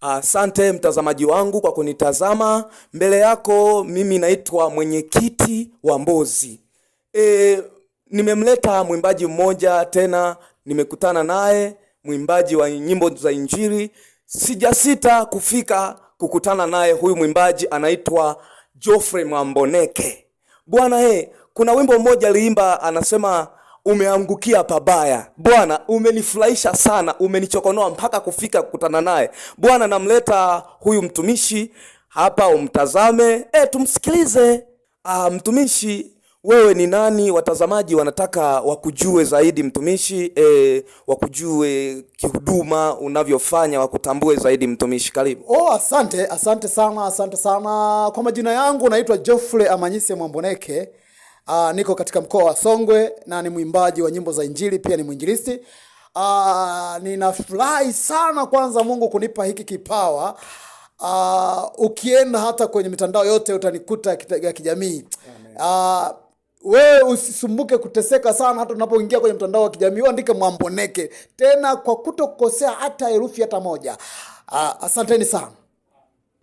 Asante mtazamaji wangu kwa kunitazama. Mbele yako mimi naitwa mwenyekiti wa Mbozi. E, nimemleta mwimbaji mmoja tena, nimekutana naye mwimbaji wa nyimbo za Injili. Sijasita kufika kukutana naye. Huyu mwimbaji anaitwa Geoffrey Mwamboneke. Bwana, he, kuna wimbo mmoja aliimba anasema umeangukia pabaya. Bwana, umenifurahisha sana, umenichokonoa mpaka kufika kukutana naye. Bwana, namleta huyu mtumishi hapa umtazame, e, tumsikilize. Ah, mtumishi wewe ni nani? Watazamaji wanataka wakujue zaidi mtumishi, e, wakujue kihuduma unavyofanya, wakutambue zaidi mtumishi. Karibu. Oh, asante, asante sana, asante sana. Kwa majina yangu naitwa Geoffrey Amanyise Mwamboneke. Uh, niko katika mkoa wa Songwe na ni mwimbaji wa nyimbo za Injili, pia ni mwinjilisti. Uh, ninafurahi sana kwanza Mungu kunipa hiki kipawa. Uh, ukienda hata kwenye mitandao yote utanikuta ya kijamii. Uh, wewe usisumbuke kuteseka sana, hata unapoingia kwenye mtandao wa kijamii uandike Mwamboneke, tena kwa kutokosea hata herufi hata moja. Uh, asanteni sana.